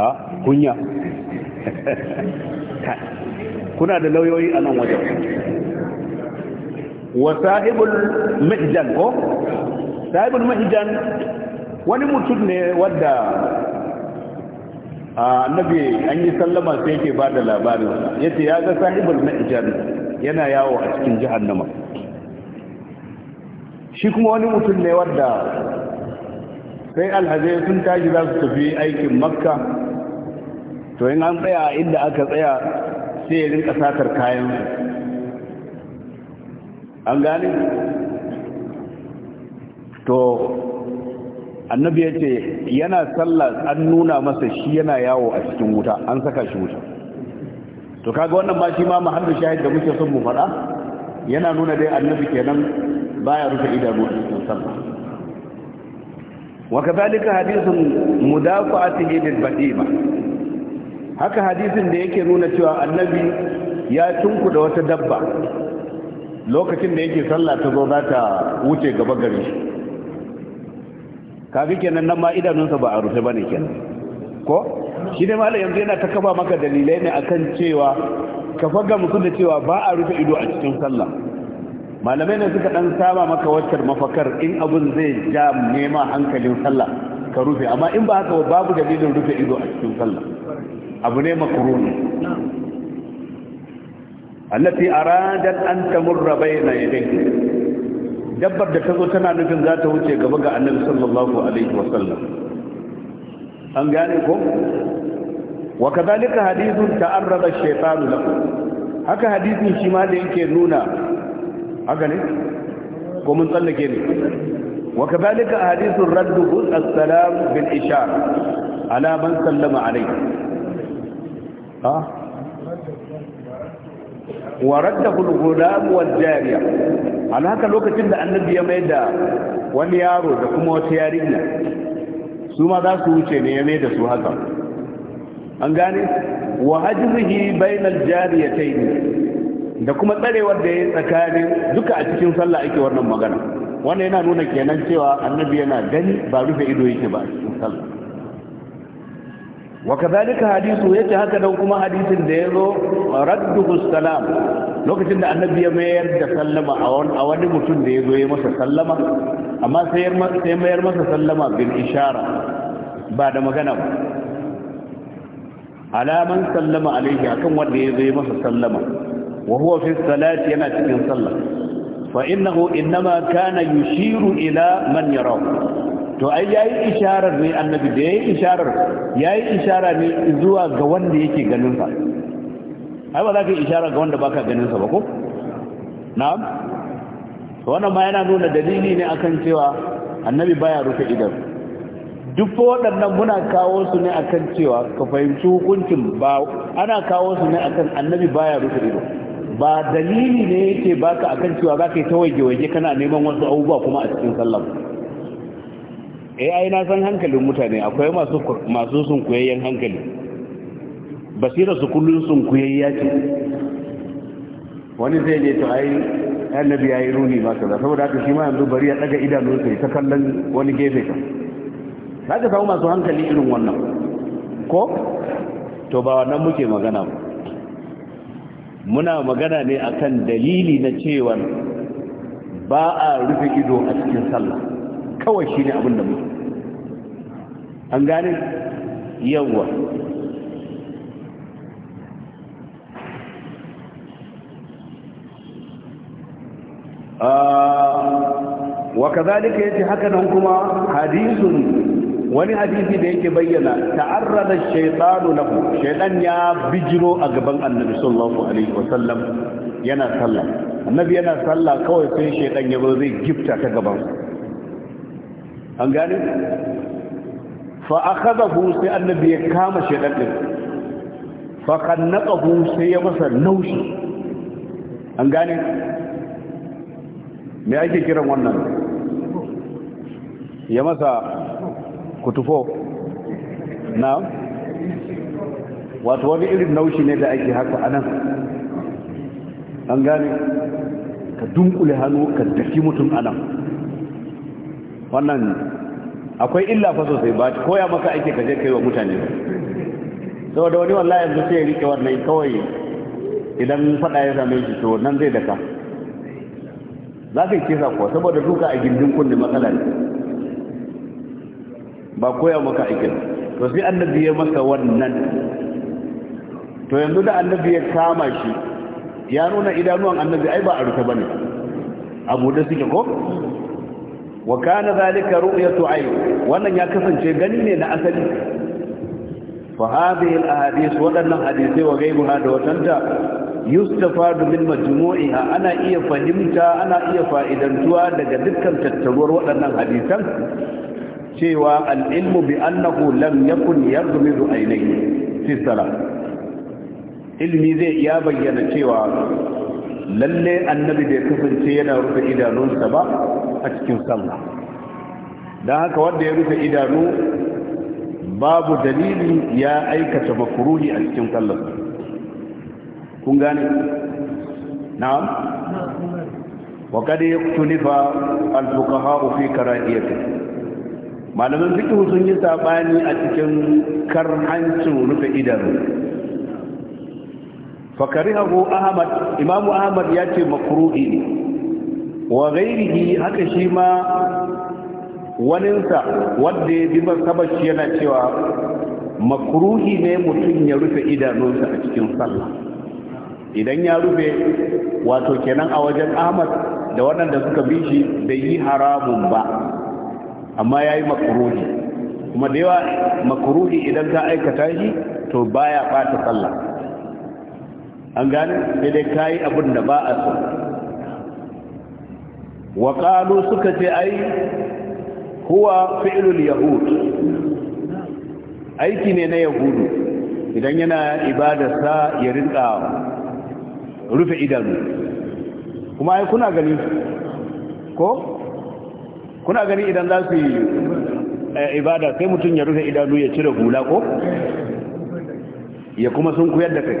a kunya kuna da lauyoyi a nan wajen wa sahibul mahjan ko sahibul mahjan wani mutum ne wadda nabi an yi sallama sai yake ba da labarin yace ya ga sahibul mahjan yana yawo a cikin jahannama shi kuma wani mutum ne wadda sai alhazai sun tashi za su tafi aikin makka to in an tsaya inda aka tsaya sai ya rinka satar kayan an gane to annabi ya ce yana sallah an nuna masa shi yana yawo a cikin wuta an saka shi wuta to kaga wannan ba shi ma mahallin shahid da muke son mu faɗa yana nuna dai annabi kenan baya rufe idanu a cikin sallah wa kadhalika hadithun mudafa'atihi bil badima haka hadisin da yake nuna cewa annabi ya tunkuda wata dabba lokacin da yake sallah ta zo za ta wuce gaba gari shi kafi kenan nan ma idanunsa ba a rufe ba ne kenan ko shi ne malam yanzu yana ta kaba maka dalilai ne akan cewa ka faga musu da cewa ba a rufe ido a cikin sallah malamai ne suka dan saba maka waccar mafakar in abun zai ja nema hankalin sallah ka rufe amma in ba haka babu dalilin rufe ido a cikin sallah abu ne makaruni allati aradat an tamurra bayna yadayhi dabbar da tazo tana nufin za ta wuce gaba ga annabi sallallahu alaihi wa sallam. an gane ko wa kadhalika hadithun ta'arrada ash-shaytanu lahu haka hadithin shi ma da yake nuna haka ne ko mun tsallake ne wa kadhalika hadithur radd as-salam bil ishara ala man sallama alayhi ha wa raddahu al-ghulam wal-jariya ala haka lokacin da annabi ya mai da wani yaro da kuma wata yarinya su ma za su wuce ne ya mai da su haka an gane wa hajrihi bainal jariyatayn da kuma tsarewar da ya tsakanin duka a cikin sallah ake wannan magana wannan yana nuna kenan cewa annabi yana gani ba rufe ido yake ba a cikin sallah wa kadhalika hadisu yace haka dan kuma hadisin da yazo raddu salam lokacin da annabi ya mayar da sallama a wani mutum da yazo ya masa sallama amma sai sai mayar masa sallama bil ishara ba da magana ba alaman sallama alaihi akan wanda yazo ya masa sallama وهو في الصلاة يما yana cikin sallah fa كان يشير kana من ila to ai yayi isharar ne annabi da yayi isharar yayi ishara ne zuwa ga wanda yake ganin sa ai ba za ka yi ga wanda baka ganin sa ba ko na'am wannan ma yana nuna dalili ne akan cewa annabi baya rufe idan duk waɗannan muna kawo su ne akan cewa ka fahimci hukuncin ba ana kawo su ne akan annabi baya rufe idan ba dalili ne yake baka akan cewa za yi ta waje-waje kana neman wasu abubuwa kuma a cikin sallah eh ai na san hankalin mutane akwai masu masu sun kuyayyen hankali basira su kullun sunkuyayya ce wani zai je to ai annabi yayi ruhi ba kaza saboda haka shi ma yanzu bari ya daga idanun sai ta kallon wani gefe ka zaka samu masu hankali irin wannan ko to ba wannan muke magana ba muna magana ne akan dalili na cewa ba a rufe ido a cikin sallah kawai shi ne abin da muke an gane yawwa ah, wa kazalika yace haka nan kuma hadisun wani hadisi da yake bayyana ta'arrada shaytanu lahu shaytan ya bijiro a gaban annabi sallallahu alaihi wasallam yana sallah annabi yana sallah kawai sai shaytan ya zo zai gifta ta gaban an gane fa akhadahu sai annabi ya kama shaytan din fa kannaqahu sai ya masa naushi an gane me ake kiran wannan ya masa kutufo na wato wani irin naushi ne da ake haka anan an gane ka dunkule hannu ka dafi mutum anan wannan akwai illa fa sosai ba koya maka ake kaje kai wa mutane ba saboda wani wallahi yanzu sai ya rike wannan kawai idan fada ya same shi to nan zai daka za ka yi kesa kuwa saboda duka a gindin kunne matsala ne ba koya maka aikin to sai annabi ya masa wannan to yanzu da annabi ya kama shi ya nuna idanuwan annabi ai ba a rufe bane abu da suke ko wa kana zalika ru'yatu ay wannan ya kasance gani ne na asali fa hadhihi al-ahadith wadannan hadisi wa gaibuha da watanta yustafadu min majmu'iha ana iya fahimta ana iya fa'idantuwa daga dukkan tattaruwar waɗannan hadisan cewa al'ilmu bi annahu lam yakun yarzumizu ainihi fi salat ilmi zai iya bayyana cewa lalle annabi bai kasance yana rufe idanunsa ba a cikin sallah don haka wanda ya rufe idanu babu dalili ya aikata makuruhi a cikin sallah kun gane na'am wa kada yaktulifa al-fuqaha fi karahiyatihi malaman fikihu sun yi sabani a cikin kar karhancin rufe idanu fakarihu ahmad Imam ahmad ya ce makruhi ne wa ghairihi haka shi ma waninsa wanda ya bi masabashi yana cewa makruhi ne mutum ya rufe idanunsa a cikin sallah idan ya rufe wato kenan a wajen ahmad da waɗanda suka bi shi bai yi haramun ba amma ya yi kuma da yawa makaruhi idan ka aikata shi to baya bata sallah an gane sai dai ka yi abin da ba a so waƙalu suka ce ai huwa fi'ilul yahud aiki ne na yahudu idan yana ibadarsa ya rinka rufe idanu kuma ai kuna gani ko kuna gani idan za su yi eh, ibada sai mutum ya rufe idanu ya cire hula ko ya kuma sun kuyar da kai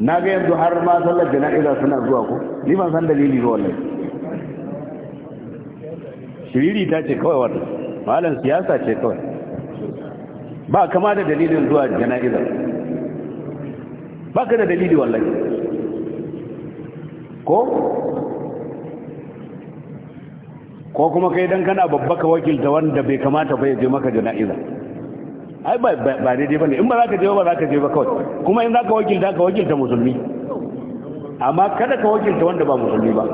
na ga yanzu har ma sallar jana'iza suna zuwa ko ni ma san dalili ba ne shiriri ta ce kawai wata malam siyasa ce kawai ba kama da dalilin zuwa jana'iza ba ka da dalili wallahi ko ko kuma kai dan kana babba ka wakilta wanda bai kamata ba ya je maka jana'iza ai ba ba dai bane in ba za ka je ba za ka je ba kawai kuma in za ka wakilta ka wakilta musulmi amma kada ka wakilta wanda ba musulmi ba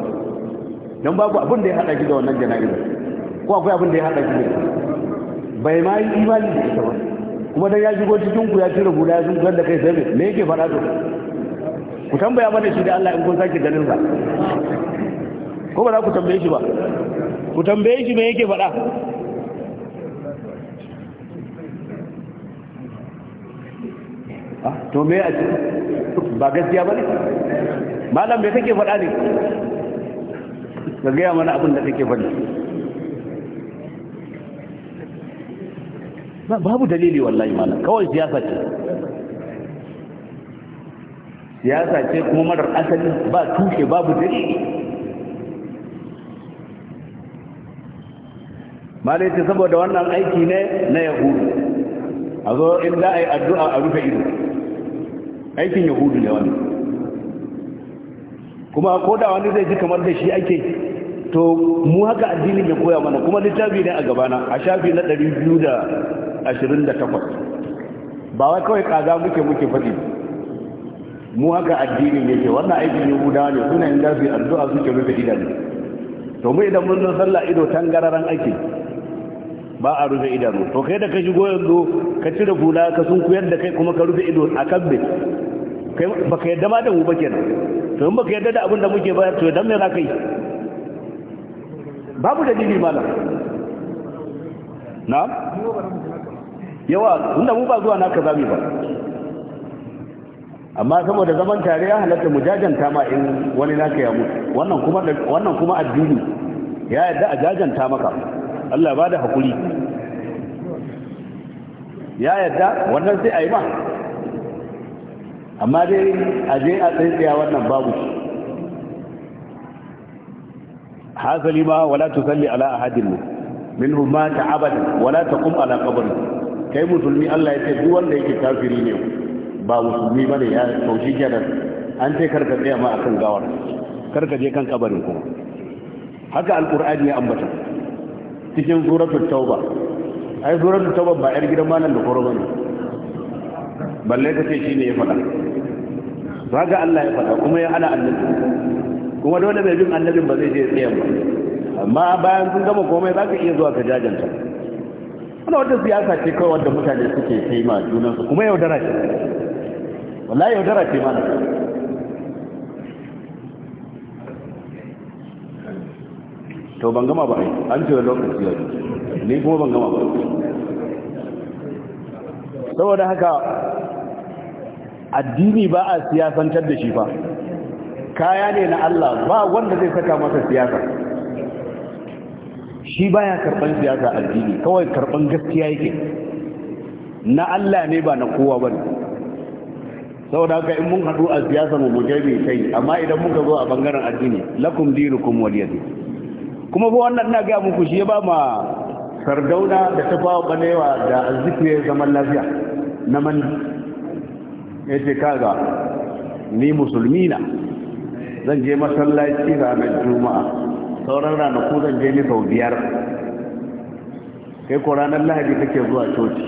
don babu abin da ya hada ki da wannan jana'iza ko akwai abin da ya hada ki da bai ma yi imani da ita ba kuma dan ya shigo cikin ku ya cire hula ya sun da kai sai me yake fara to ku tambaya mana shi da Allah in kun sake ganin sa ko ba za ku tambaye shi ba ku tambaye shi me yake faɗa ah, to me a ba gaskiya ba ne malam bai kake faɗa ne ka gaya mana abin da kake faɗi babu dalili wallahi malam kawai siyasa ce siyasa ce kuma marar asali ba tushe babu dalili malai ce saboda wannan aiki ne na yahudu a zo in za a yi addu'a a rufe ido aikin yahudu ne wani kuma ko da wani zai ji kamar da shi ake to mu haka addinin ya koya mana kuma littafi ne a gabana a shafi na 228 ba wai kawai kaza muke muke faɗi mu haka addinin yake wannan aikin yahudawa ne suna yin dafi addu'a suke rufe idanu to mu idan mun sallah ido tangararren ake ba a rufe idanu to kai da ka shigo yanzu ka cire hula ka sun kuyar da kai kuma ka rufe ido a kan kai ba ka yadda ma da mu ba kenan to in ba ka yadda da abin da muke bayar to dan me za ka yi babu dini malam na yawa tunda mu ba zuwa ka zami ba amma saboda zaman tare ya halatta mu jajanta ma in wani naka ya mutu wannan kuma wannan kuma addini ya yadda a jajanta maka Allah ba da haƙuri ya yadda wannan sai a yi ba amma dai a je a tsaye wannan babu hasali ma wala ta salli ala a hadinmu. Min minhum mata abadan wala ta kuma ala qabri kai musulmi Allah ya ce duk wanda yake kafiri ne ba musulmi bane ya kauci kenan an ce karka tsaya ma a kan gawar karka je kan ƙabarin kuma haka alqur'ani ya ambata cikin suratul tauba ai suratul tauba ba yar gidan malam da koro bane balle kace ne ya faɗa kaga Allah ya faɗa kuma ya hana annabi kuma dole mai bin annabin ba zai je tsayan ba amma bayan sun gama komai zaka iya zuwa ka jajanta ana wata siyasa ce kawai wanda mutane suke kai ma junansu kuma yaudara ce wallahi yaudara ce malam to ban gama ba an ce lokaci ya ni kuma ban gama ba saboda haka addini ba a siyasantar da shi fa kaya ne na Allah ba wanda zai saka masa siyasa shi baya karban siyasa addini kawai karban gaskiya yake na Allah ne ba na kowa ba saboda haka in mun haɗu a siyasa mu mujabi kai amma idan muka zo a bangaren addini lakum dinukum waliyadin kuma ba wannan na ga muku shi ya ba ma sardauna da tafawa balewa da azzikwe zaman lafiya na mani ya ce kaga ni musulmi na zan je masallaci ranar juma'a sauran ranaku zan je ni sau biyar kai ko ranar lahadi kake zuwa coci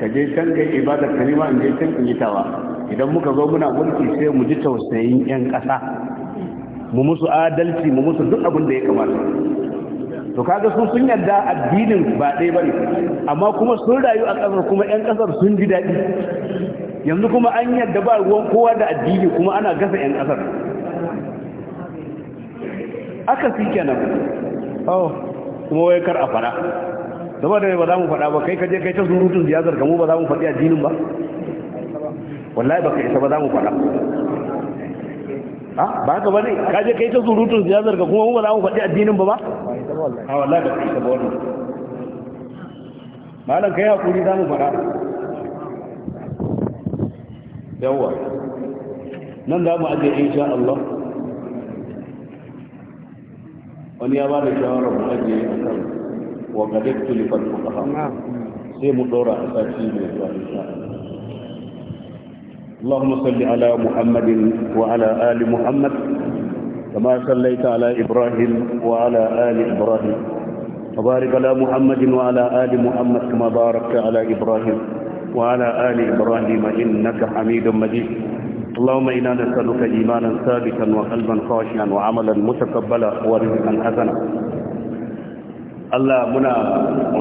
ka je can kai ibadar ka nima in je can in yi tawa idan muka zo muna mulki sai mu ji tausayin yan ƙasa mu musu adalci mu musu duk abin da ya kamata to kaga su sun yarda addinin ba ɗaya bane amma kuma sun rayu a ƙasar kuma ƴan ƙasar sun ji daɗi yanzu kuma an yarda ba ruwan kowa da addini kuma ana gasa ƴan ƙasar aka fi kenan oh kuma wai kar a fara zama da ba za mu faɗa ba kai kaje kai ta surutun ziyarar kamu ba za mu faɗi addinin ba wallahi ba kai isa ba za mu faɗa ba ka bane ka je kai ta surutun siyasar ka kuma mu ba za mu faɗi addinin ba ba a wallahi ba ka ba wannan malam kai hakuri za mu fara yawwa nan za mu aje insha Allah wani ya ba da shawara mu aje a kan wa gadaktu li fatuha sai mu dora a sashi mai zuwa insha Allah اللهم صل على محمد وعلى آل محمد كما صليت على إبراهيم وعلى آل إبراهيم وبارك على محمد وعلى آل محمد كما باركت على إبراهيم وعلى آل إبراهيم إنك حميد مجيد اللهم إنا نسألك إيمانا ثابتا وقلبا خاشعا وعملا متقبلا ورزقا حسنا Allah muna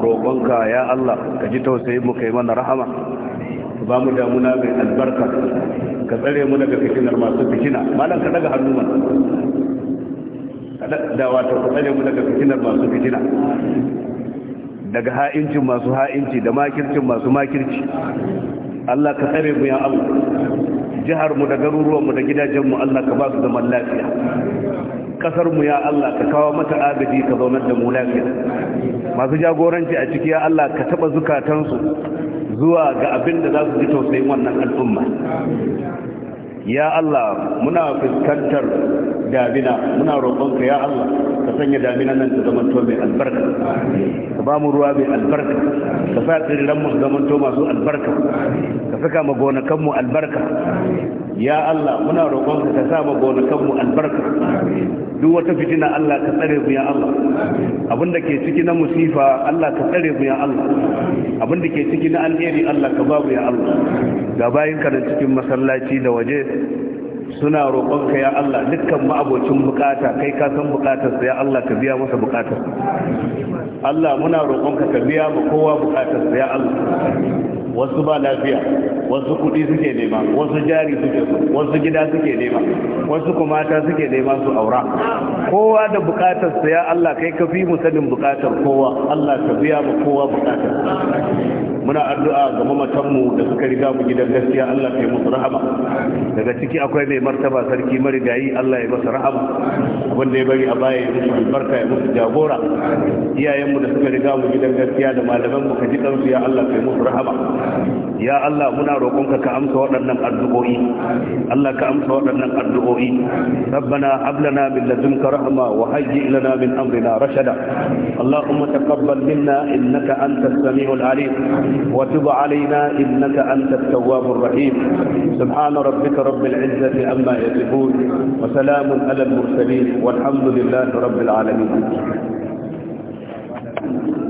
roƙonka ya Allah ka ji tausayin mu kai mana rahama ba mu damuna mai albarka ka tsare mu daga fitinar masu fitina malam ka daga hannu mana da wato ka tsare mu daga fitinar masu fitina daga ha'incin masu ha'inci da makircin masu makirci Allah ka tsare mu ya Allah jihar mu da garuruwan mu da gidajen mu Allah ka ba su zaman lafiya kasar mu ya Allah ka kawo mata agaji ka zaunar da mu lafiya masu jagoranci a ciki ya Allah ka taba zukatansu zuwa ga abin da za su ji tausayin wannan al'umma ya Allah muna fuskantar damina muna roƙonka ya Allah ka sanya damina nan ta zama to mai albarka ka ba mu ruwa mai albarka ka sa tsirran mu zama to masu albarka ka saka mu gonakan mu albarka ya Allah muna roƙonka ka sa mu gonakan mu albarka duk wata fitina Allah ka tsare mu ya Allah da ke ciki na musifa Allah ka tsare mu ya Allah da ke ciki na alheri Allah ka babu ya Allah ga bayin ka cikin masallaci da waje suna roƙonka ya Allah dukkan ma'abocin bukata kai ka san bukatarsa ya Allah ka biya masa bukatar Allah muna roƙonka ka biya ma kowa bukatarsa ya Allah wasu ba lafiya wasu kuɗi suke nema wasu jari suke so wasu gida suke nema wasu kumata suke nema su aura kowa da bukatar sa ya Allah kai ka fi mu sanin bukatar kowa Allah ka biya mu kowa bukatar muna addu'a ga mamatan mu da suka riga mu gidan gaskiya Allah kai musu rahama daga ciki akwai mai martaba sarki marigayi Allah ya masa rahama wanda ya bari a baya ya musu albarka ya musu jagora iyayen mu da suka riga mu gidan gaskiya da malaman mu ka ji kansu ya Allah kai musu rahama ya Allah muna roƙonka ka amsa waɗannan addu'o'i Allah ka amsa waɗannan addu'o'i rabbana hab lana min ladunka rahma wa hayyi lana min amrina rashada allahumma taqabbal minna innaka antas samiul alim wa tub alaina innaka antat tawwabur rahim subhana rabbika rabbil izzati amma yasifun wa salamun alal mursalin والحمد لله رب العالمين